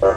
like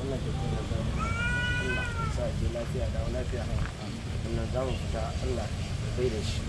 wannan tafiya na zama Allah sa ke lafiya dawo lafiya wannan zamu fita Allah bai da shi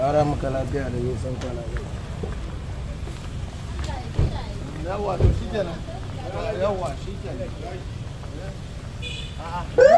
ƙara maka lafiya da nisan kwana yawa to shi kenan shi kenan